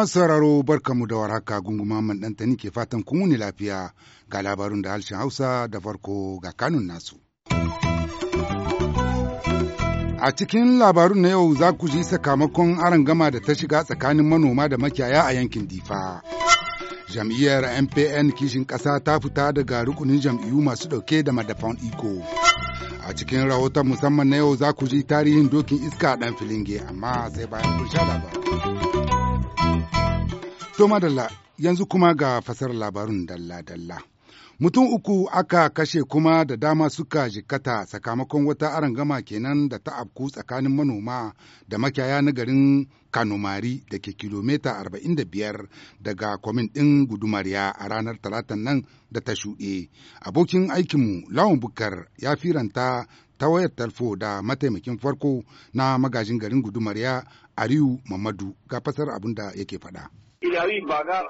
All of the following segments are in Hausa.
Masu sauraro barkamu da warhaka gunguma man ke fatan kun wuni lafiya ga labarun da harshen Hausa da farko ga kanun nasu. A cikin labarun na yau za ku ji sakamakon aron gama da ta shiga tsakanin manoma da makiyaya a yankin Difa. Jam'iyyar MPN kishin ƙasa ta fita daga rukunin jam'iyyu masu ɗauke da madafan iko. A cikin rahoton musamman na yau za ku ji tarihin dokin iska a ɗan filinge amma sai bayan kun sha To madalla yanzu kuma ga fasar labarun dalla-dalla. Mutum uku aka kashe kuma da dama suka jikkata sakamakon wata arangama kenan da ta afku tsakanin manoma da makiyaya na garin Kanumari da ke kilomita 45 daga kwamin ɗin gudumariya a ranar talatan nan da ta shuɗe. Abokin aikinmu Lawan Bukar ya firanta ta wayar talfo da mataimakin farko na magajin garin gudumariya Ariyu Mamadu ga fasar abin da yake faɗa.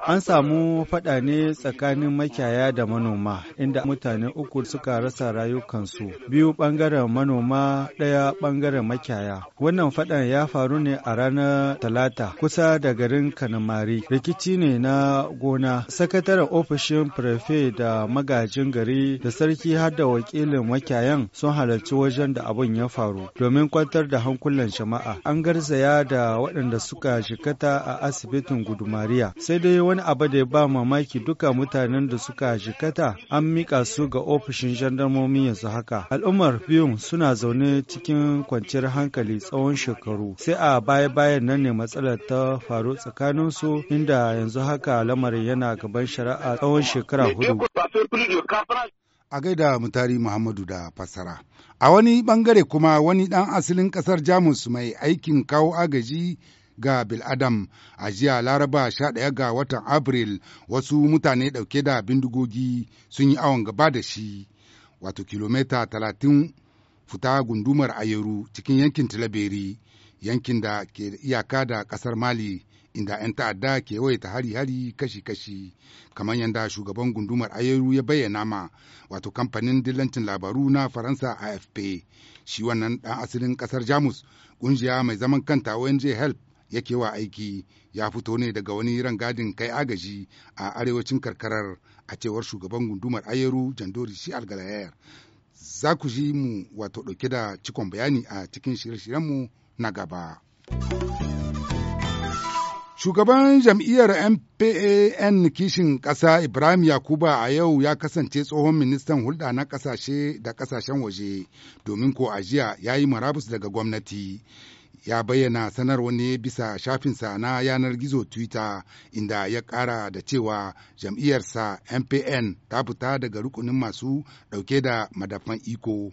An samu faɗa ne tsakanin makiyaya da manoma, inda mutane uku suka rasa rayukansu, biyu bangaren manoma ɗaya ɓangaren makiyaya. Wannan faɗan ya faru ne a ranar Talata, kusa da garin Kanamari. Rikici ne na gona. Sakataren ofishin prefe da magajin gari da sarki har da wakilin makiyayan sun halarci wajen da abin ya faru domin kwantar da hankulan jama'a. An garzaya da waɗanda suka jikata a asibitin guduma Samariya, Sai dai wani abu da ya ba mamaki duka mutanen da suka jikata an mika su ga ofishin jandarmomi yanzu haka. Al'ummar biyun suna zaune cikin kwanciyar hankali tsawon shekaru. Sai a baya-bayan nan ne matsalar ta faru tsakanin su inda yanzu haka lamarin yana gaban shari'a tsawon shekara hudu. a gaida mutari Muhammadu da fassara. A wani bangare kuma wani ɗan asalin ƙasar Jamus mai aikin kawo agaji ga Biladam a jiya Laraba 11 ga watan Abril wasu mutane ɗauke da bindigogi sun yi awon gaba da shi wato kilomita 30 fita gundumar Ayeru cikin yankin Tilaberi yankin da ke iyaka da ƙasar Mali. inda 'yan ta'adda ke ta hari-hari kashi-kashi kamar yadda shugaban gundumar ayeru ya bayyana ma wato kamfanin dillancin labaru na faransa afp shi wannan ɗan asalin ƙasar jamus ƙungiya mai zaman kanta ong help yake wa aiki ya fito ne daga wani rangadin kai agaji a arewacin karkarar a cewar shugaban gundumar ayeru jandori shi algalayayar za ku ji mu wato ɗauke da cikon bayani a cikin shirye-shiryenmu na gaba. Shugaban jam'iyyar MPAN kishin ƙasa Ibrahim Yakuba a yau ya kasance tsohon ministan hulɗa na ƙasashe da ƙasashen waje domin ko ajiya ya yi marabus daga gwamnati. ya bayyana sanarwa ne bisa shafinsa na yanar gizo twitter inda ya ƙara da cewa jam'iyyarsa mpn ta fita daga rukunin masu ɗauke da madafan iko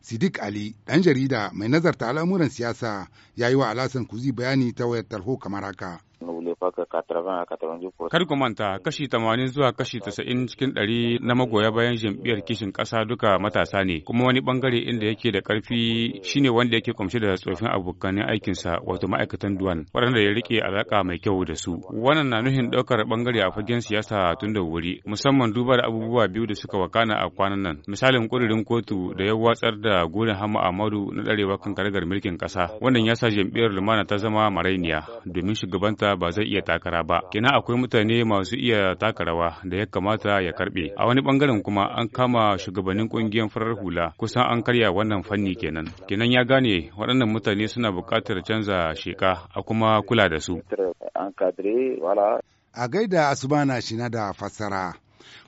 Sidik Ali, ɗan jarida mai nazarta al'amuran siyasa, ya yi wa Alasan Kuzi bayani ta wayar tarho kamar haka. Kari kumanta kashi tamanin zuwa kashi tasa'in cikin ɗari na magoya bayan jam'iyyar kishin ƙasa duka matasa ne kuma wani ɓangare inda yake da ƙarfi shine wanda yake kumshi da tsofin abokanin aikinsa wato ma'aikatan duwan waɗanda ya rike alaƙa mai kyau da su. Wannan na nuhin ɗaukar ɓangare a fagen siyasa tun da wuri musamman duba da abubuwa biyu da suka wakana a kwanan nan misalin ƙudurin kotu da ya watsar da gurin hama Amadu na ɗarewa kan mulkin ƙasa wannan ya sa jam'iyyar lumana ta zama marainiya domin shugabanta kamata ba zai iya takara ba kina akwai mutane masu iya takarawa da ya kamata ya karbe a wani bangaren kuma an kama shugabannin kungiyar farar hula kusan an karya wannan fanni kenan kenan ya gane waɗannan mutane suna buƙatar canza sheka a kuma kula da su a gaida asuba shi shina da fassara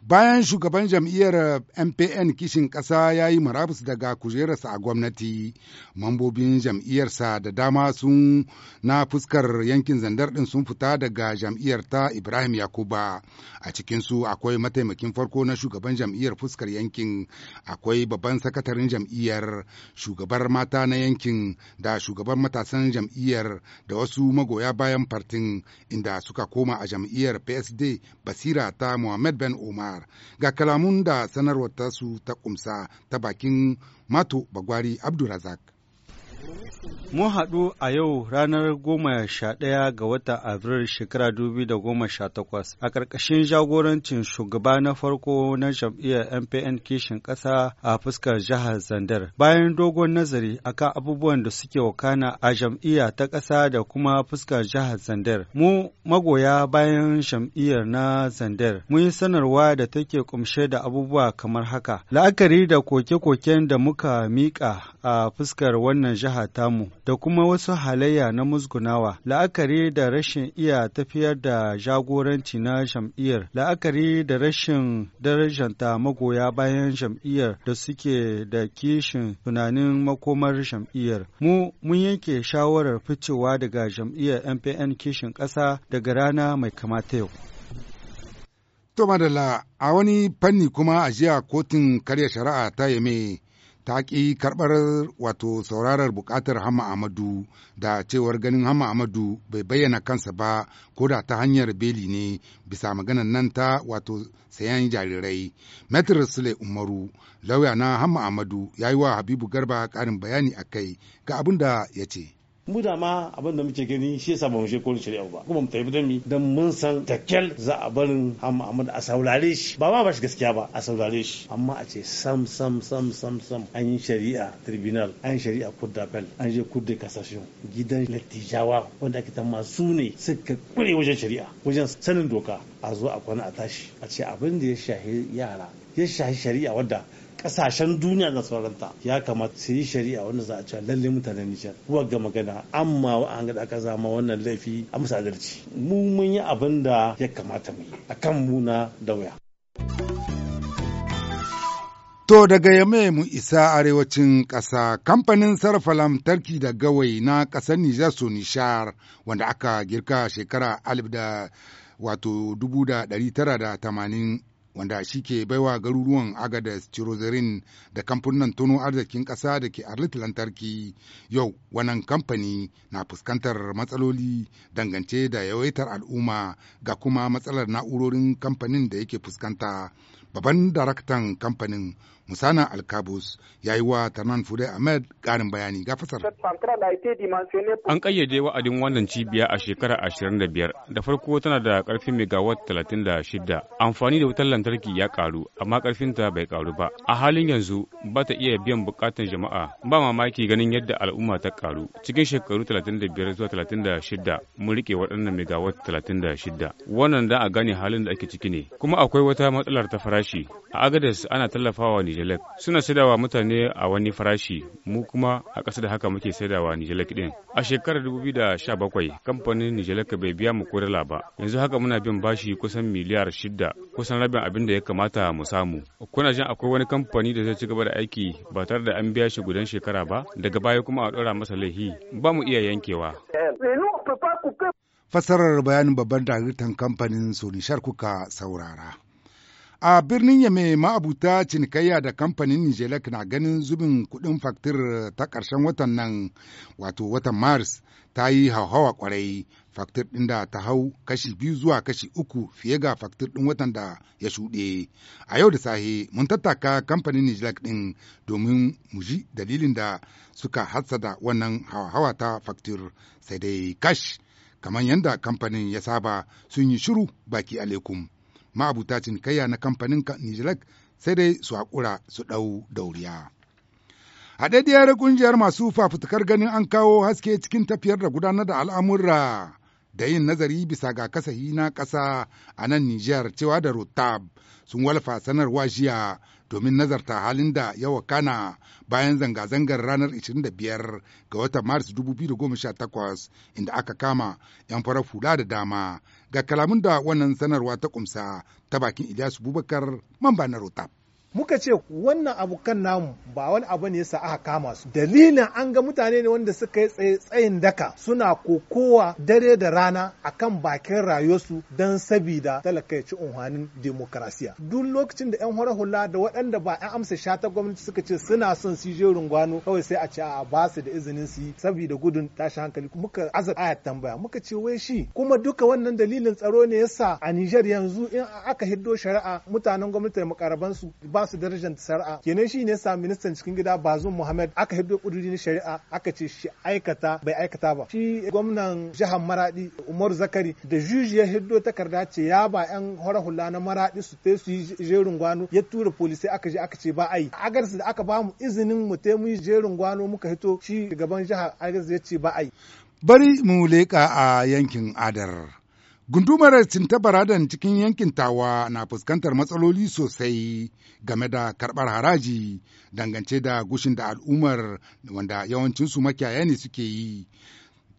Bayan shugaban jam'iyyar eh, MPN kishin ƙasa ya yi marabus daga kujerarsa a gwamnati, mambobin jam'iyyarsa da dama sun na fuskar yankin zandar ɗin sun fita daga jam'iyyar ta Ibrahim Yakuba. A cikinsu akwai mataimakin farko na shugaban jam'iyyar fuskar yankin, akwai babban sakataren jam'iyyar, shugabar mata na yankin da shugaban matasan jam'iyyar da wasu magoya bayan fartin inda suka koma a jam'iyyar PSD Basira ta Muhammad Ben umar Ga kalamun da sanarwar tasu ta kumsa ta bakin Mato Bagwari Abdulrazak. Mun haɗu a yau ranar goma sha ɗaya ga wata Abril shekara dubi da goma sha takwas a ƙarƙashin jagorancin shugaba na farko na jam'iyyar MPN kishin ƙasa a fuskar jihar Zandar. Bayan dogon nazari akan abubuwan da suke wakana a jam'iyya ta ƙasa da kuma fuskar jihar Zandar. Mu magoya bayan jam'iyyar na Zandar mun yi sanarwa da take ƙumshe da abubuwa kamar haka. La'akari da koke-koken da muka miƙa a fuskar wannan jiha tamu da kuma wasu halayya na musgunawa, la'akari da rashin iya tafiyar da jagoranci na jam'iyyar, la'akari da rashin darajanta magoya bayan jam'iyyar da suke da kishin tunanin makomar jam'iyyar. Mu mun yanke shawarar ficewa daga jam'iyyar MPN kishin ƙasa daga rana mai kamata yau. To madalla a wani fanni kuma a jiya kotun karya shari'a ta yame ta ƙi karɓar wato saurarar buƙatar Hama Amadu da cewar ganin Hama Amadu bai bayyana kansa ba ko da ta hanyar beli ne bisa maganan nan ta wato sayan jarirai. Metro Sule Umaru, lauya na Hama Amadu ya yi wa Habibu Garba ƙarin bayani a kai ga abin da ya ce. mu da ma abin da muke gani shi yasa ba mu je kolin shari'a ba kuma mu tafi mi dan mun san takel za a barin Muhammad a saurare shi ba ma ba shi gaskiya ba a saurare shi amma a ce sam sam sam sam sam an yi shari'a tribunal an yi shari'a cour d'appel an je cour de cassation gidan lattijawa wanda ake ma su ne suka kure wajen shari'a wajen sanin doka a zo a kwana a tashi a ce abin da ya shahi yara ya shahi shari'a wadda kasashen duniya da sauranta ya kamata su yi shari'a wanda za a cewa lalle mutanen Nijar kuwa ga magana amma an gada kaza ma wannan laifi a musadarci mu mun yi abin da ya kamata mu yi a kan mu na wuya. To daga yame mu isa arewacin ƙasa, kamfanin sarrafa lantarki da gawai na ƙasar Nijar nishar wanda aka girka shekara alif da wato da ɗari tara da tamanin wanda shi ke baiwa garuruwan agadez cirozerin da kamfanin tono arzikin ƙasa da ke arlit lantarki yau wannan kamfani na fuskantar matsaloli dangance da yawaitar al'umma ga kuma matsalar na'urorin kamfanin da yake fuskanta babban daraktan kamfanin musana alkabus ya yi wa tarnan fude ahmed karin bayani ga fasar an ƙayyade wa'adin wannan cibiya a shekara 25 da farko tana da ƙarfin megawatt 36 amfani da wutar lantarki ya ƙaru amma ta bai ƙaru ba a halin yanzu ba ta iya biyan bukatun jama'a ba mamaki ganin yadda al'umma ta karu cikin shekaru 35 zuwa 36 mun rike waɗannan da 36 wannan da a gane halin da ake ciki ne kuma akwai wata matsalar ta farashi. A Agadez ana tallafawa Nijalek. Suna saidawa mutane a wani farashi, mu kuma a ƙasa da haka muke saidawa Nijalek din A shekarar da sha bakwai kamfanin Nijalek bai biya mu kodala ba. Yanzu haka muna bin bashi kusan miliyar shida, kusan rabin abin da ya kamata mu samu. Kuna jin akwai wani kamfani da zai ci gaba da aiki ba tare da an biya shi gudan shekara ba, daga baya kuma a ɗora masa laifi. Ba mu iya yankewa. Fassarar bayanin babban daraktan kamfanin Sonishar kuka saurara. A birnin Yame ma'abuta cinikayya da kamfanin Nijelek na ganin zubin kuɗin faktir ta ƙarshen watan nan wato watan Maris ta yi hauhawa kwarai faktir ɗin da ta hau kashi biyu zuwa kashi uku fiye ga faktir ɗin watan da ya shuɗe. A yau da sahe mun tattaka kamfanin Nijelek ɗin domin mu ji dalilin da suka hassada wannan hauhawa ta faktir sai dai kash kamar yadda kamfanin ya saba sun yi shiru baki alaikum. ma'abuta cinikayya na kamfanin Nijilak sai dai su haƙura su ɗau dauriya. ɗaiɗiyar ƙungiyar masu fafutukar ganin an kawo haske cikin tafiyar da gudanar da al'amurra da yin nazari bisa ga kasahi na ƙasa a nan nijiyar cewa da Rotab sun walfa sanarwa jiya domin nazarta halin da ya wakana bayan zanga-zangar ranar 25 ga watan Maris 2018 inda aka kama 'yan fara fula da dama ga kalamun da wannan sanarwa ta kumsa ta bakin Ilyasu Bubakar mamba na Rotab. muka ce wannan kan namu ba wani abu ne yasa aka kama su dalilin an ga mutane ne wanda suka yi tsayin daka suna kokowa dare da rana akan bakin rayuwarsu don sabida talaka ya ci unhanin demokrasiya. duk lokacin da yan hore hula da waɗanda ba yan amsa shata gwamnati suka ce suna son su je rungwano kawai sai a ce a ba su da izinin su yi sabida gudun tashi hankali muka azar a'ya tambaya muka ce wai shi kuma duka wannan dalilin tsaro ne yasa a Nijar yanzu in aka hiddo shari'a mutanen gwamnati da makarabansu ba su darajar sar'a kenan shi ne sa ministan cikin gida bazum muhammad aka hiddo kudurin shari'a aka ce shi aikata bai aikata ba shi gwamnan jihar maradi umaru zakari da juji ya hiddo takarda ce ya ba yan hora hula na maradi su te su yi jerin gwano ya tura polisai aka je aka ce ba ai agarsu da aka bamu izinin mu te mu yi jerin gwano muka hito shi gaban jihar agarsu ya ce ba ai bari mu leka a yankin adar Gundumar Cintabaradan cikin yankin Tawa na fuskantar matsaloli sosai game da karɓar haraji dangance da gushin da al'ummar wanda yawancinsu makiyaya ne suke yi,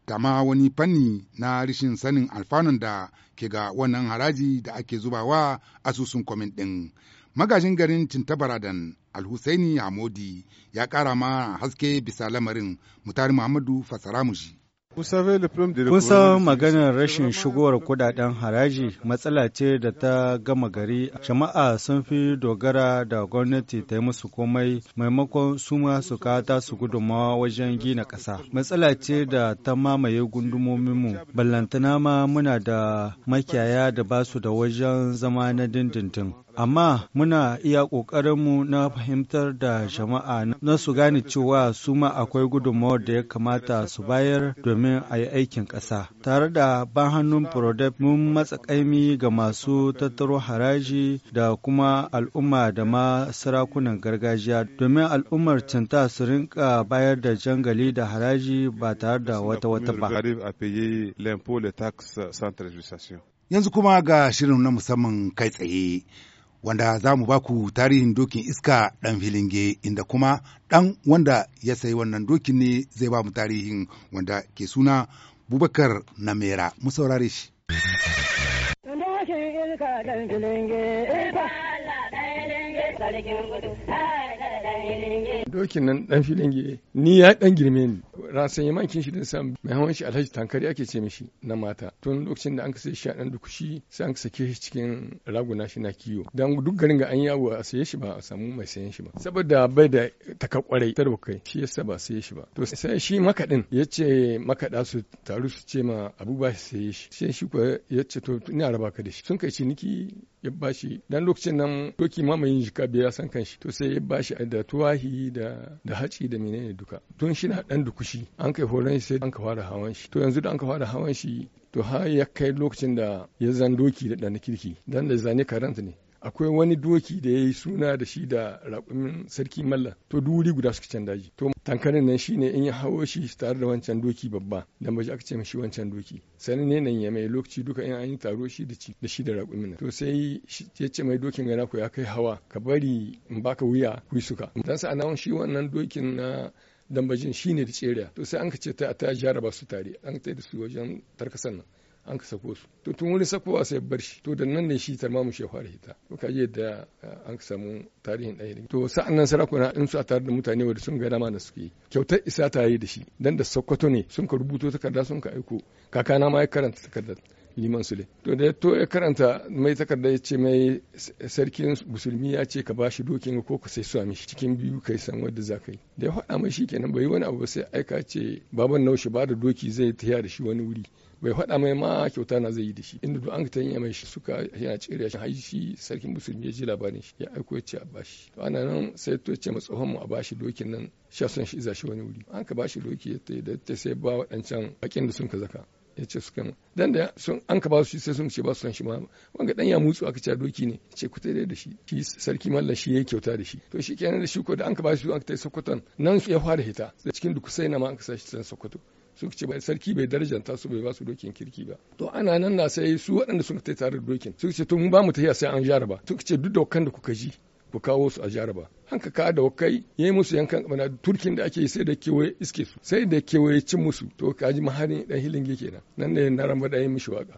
Tama wani fanni na rishin sanin alfanun da ke ga wannan haraji da ake zubawa asusun kwamin ɗin. Magajin garin Cintabaradan Alhusaini Hamodi ya ƙara ma haske bisa lamarin Mutari Muhammadu Fasaramushi. san maganar rashin shigowar kudaden haraji matsala ce da ta gama gari. Jama'a sun fi dogara da gwamnati ta yi musu komai maimakon su ma su kata su gudunmawa wajen gina ƙasa. Matsala ce da ta mamaye gundumominmu. Ballantana ma muna da makiyaya da basu da wajen zama na dindindin. amma muna iya ƙoƙarinmu na fahimtar da jama'a na su gane cewa su ma akwai gudunmawar da ya kamata su bayar domin a yi aikin ƙasa. Tare da ban hannun Prodep mun ƙaimi ga masu tattaro haraji da kuma al'umma da ma sarakunan gargajiya domin al'ummar cinta su rinka bayar da jangali da haraji ba tare da wata-wata ba. Yanzu kuma ga shirin na musamman kai tsaye. wanda za mu baku tarihin dokin iska ɗan filinge inda kuma ɗan wanda ya sayi wannan dokin ne zai ba mu tarihin wanda ke suna bubakar namera mu saurare shi dokin nan dan gire ni ya dan girme ni rasan yaman kin shi da sam mai hawan shi alhaji tankari ake ce mishi na mata tun lokacin da an kasa shi a dan dukushi sai an sake shi cikin raguna shi na kiyo dan duk garin ga an yawo a saye shi ba a samu mai sayen shi ba saboda bai da kwarai tarwa kai shi yasa ba saye shi ba to sai shi makadin yace makada su taru su ce ma abu ba saye shi sai shi ko yace to ina raba ka da shi sun kai ciniki ya bashi dan lokacin nan doki mamayin jika biya ya san kanshi to sai ya bashi da tuwahi da da haci da menene duka tun shi na dan dukushi an kai horon shi sai an ka fara hawan shi to yanzu da an ka fara hawan shi to har ya kai lokacin da ya zan doki da dan kirki dan da zane karanta ne akwai wani doki da ya yi suna da shi da raƙumin sarki mallan to duri guda suka can daji to tankanin nan shine in ya hawo shi tare da wancan doki babba dan baji aka ce mishi wancan doki sani ne nan ya mai lokaci duka in an yi taro shi da da shi da raƙumin to sai ya ce mai dokin gana ku ya kai hawa ka bari in baka wuya ku suka dan sa shi wannan dokin na dambajin shine da tseriya to sai an ka ce ta ta jaraba su tare an ta da su wajen tarkasan nan an ka sako su to tun wurin sakowa sai bar shi to da nan ne shi tarma shi fara hita to ka je da eh, an ka samu tarihin ɗaya to sa'an nan sarakuna in su a tare da mutane wanda sun ga dama da suke kyautar isa ta yi da shi dan da sokoto ne sun ka rubuto takarda sun ka aiko kakana ma ya karanta takardar liman sule to da to ya karanta mai takarda ya ce mai sarkin musulmi ya ce ka bashi dokin ko ka sai suwa mishi cikin biyu kai san wadda za ka yi da ya faɗa mai shikenan bai wani abu sai aika ce baban naushi ba da doki zai tafiya da shi wani wuri bai faɗa mai ma kyauta na zai yi da shi inda duk an ta yi mai shi suka yana cire shi har shi sarkin musulmi ya ji labarin shi ya aiko ya ce a bashi to ana nan sai to ce ma tsohon mu a bashi dokin nan shi son shi za shi wani wuri an ka bashi doki ya ta da ta sai ba waɗancan bakin da sun ka zaka ya ce su kama dan da sun an ka ba su sai sun ce ba su san shi ma wanga dan ya mutsu aka ce doki ne ce ku tare da shi shi sarki mallan shi yake kyauta da shi to shi kenan da shi ko da an ka ba su an ka tai sokoton nan ya fara hita da cikin sai na ma an ka sa shi san sokoto su ce bai sarki bai darajanta su bai ba su dokin kirki ba to ana nan na sai su waɗanda suka tai tare da dokin su ce to mu ba mu tafiya sai an jaraba su ce duk da da kuka ji ku kawo su a jaraba hanka ka da wakai ya yi musu yankan mana turkin da ake yi sai da kewaye iske su sai da kewaye cin musu to ka ji maharin dan hilinge kenan nan ne na ramba da yi mishi waka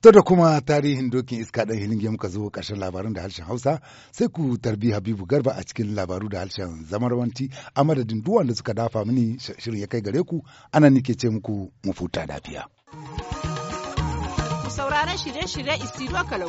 to da kuma tarihin dokin iska dan hilinge muka zo ƙarshen labarin da harshen hausa sai ku tarbi habibu garba a cikin labaru da harshen zamarwanci a madadin duk da suka dafa mini shirin ya kai gare ku ana nike ce muku mu futa lafiya. sauraron shirye-shirye istiro